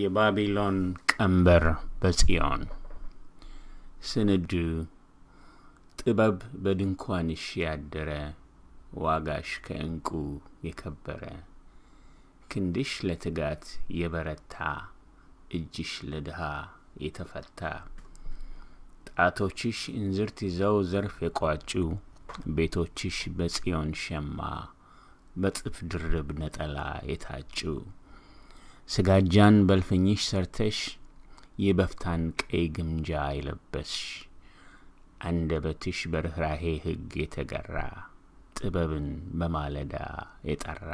የባቢሎን ቀንበር በጽዮን ስንዱ ጥበብ በድንኳንሽ ያደረ ዋጋሽ ከእንቁ የከበረ ክንድሽ ለትጋት የበረታ እጅሽ ለድሃ የተፈታ ጣቶችሽ እንዝርት ይዘው ዘርፍ የቋጩ ቤቶችሽ በጽዮን ሸማ በጥፍ ድርብ ነጠላ የታጩ ስጋጃን በልፍኝሽ ሰርተሽ የበፍታን ቀይ ግምጃ የለበስሽ አንደበትሽ በርኅራሄ ሕግ የተገራ ጥበብን በማለዳ የጠራ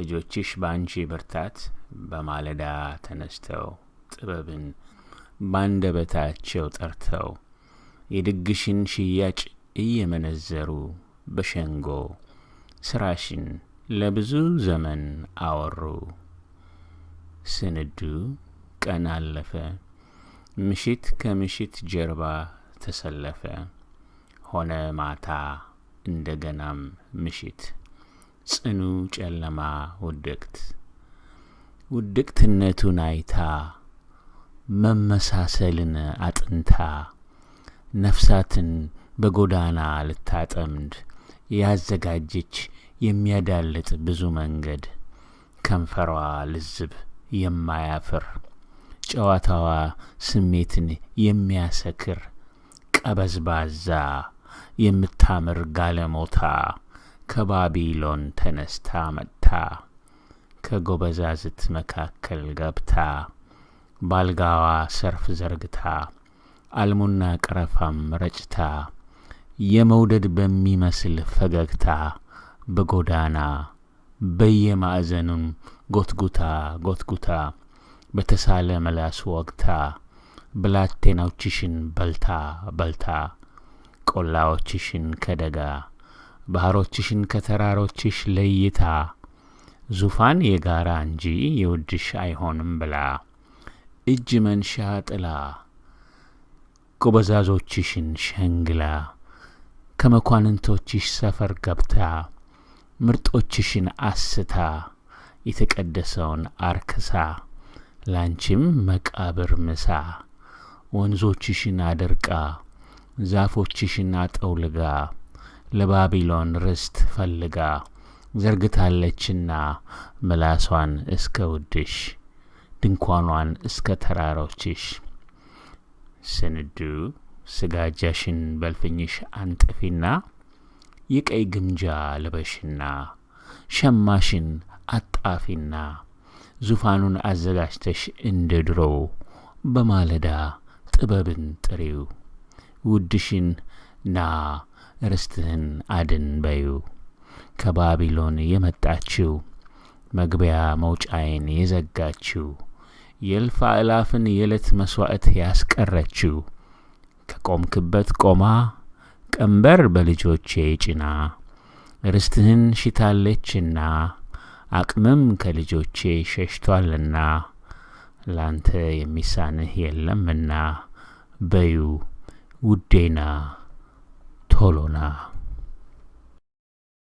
ልጆችሽ በአንቺ ብርታት በማለዳ ተነስተው ጥበብን ባንደበታቸው ጠርተው የድግሽን ሽያጭ እየመነዘሩ በሸንጎ ስራሽን ለብዙ ዘመን አወሩ። ስንዱ ቀን አለፈ፣ ምሽት ከምሽት ጀርባ ተሰለፈ። ሆነ ማታ እንደገናም ምሽት፣ ጽኑ ጨለማ ውድቅት ውድቅትነቱን አይታ መመሳሰልን አጥንታ ነፍሳትን በጎዳና ልታጠምድ ያዘጋጀች የሚያዳልጥ ብዙ መንገድ ከንፈሯ ልዝብ የማያፍር ጨዋታዋ ስሜትን የሚያሰክር ቀበዝባዛ የምታምር ጋለሞታ ከባቢሎን ተነስታ መጥታ ከጎበዛዝት መካከል ገብታ ባልጋዋ ሰርፍ ዘርግታ አልሙና ቀረፋም ረጭታ የመውደድ በሚመስል ፈገግታ በጎዳና በየማዕዘኑም ጎትጉታ ጎትጉታ በተሳለ መላስ ወግታ ብላቴናዎችሽን በልታ በልታ ቆላዎችሽን ከደጋ ባህሮችሽን ከተራሮችሽ ለይታ ዙፋን የጋራ እንጂ የውድሽ አይሆንም ብላ እጅ መንሻ ጥላ ጎበዛዞችሽን ሸንግላ ከመኳንንቶችሽ ሰፈር ገብታ ምርጦችሽን አስታ የተቀደሰውን አርክሳ ላንቺም መቃብር ምሳ ወንዞችሽን አድርቃ ዛፎችሽን አጠውልጋ ለባቢሎን ርስት ፈልጋ ዘርግታለችና ምላሷን እስከ ውድሽ ድንኳኗን እስከ ተራሮችሽ ስንዱ ስጋጃሽን በልፍኝሽ አንጥፊና የቀይ ግምጃ ልበሽና ሸማሽን አጣፊና ዙፋኑን አዘጋጅተሽ እንደ ድሮው በማለዳ ጥበብን ጥሪው ውድሽን ና ርስትህን አድን በዩ ከባቢሎን የመጣችው መግቢያ መውጫዬን የዘጋችው የእልፍ አእላፍን የዕለት መሥዋዕት ያስቀረችው ከቆምክበት ቆማ ቀንበር በልጆቼ ጭና ርስትህን ሽታለችና አቅምም ከልጆቼ ሸሽቷልና ላንተ የሚሳንህ የለምና በዩ ውዴና ቶሎና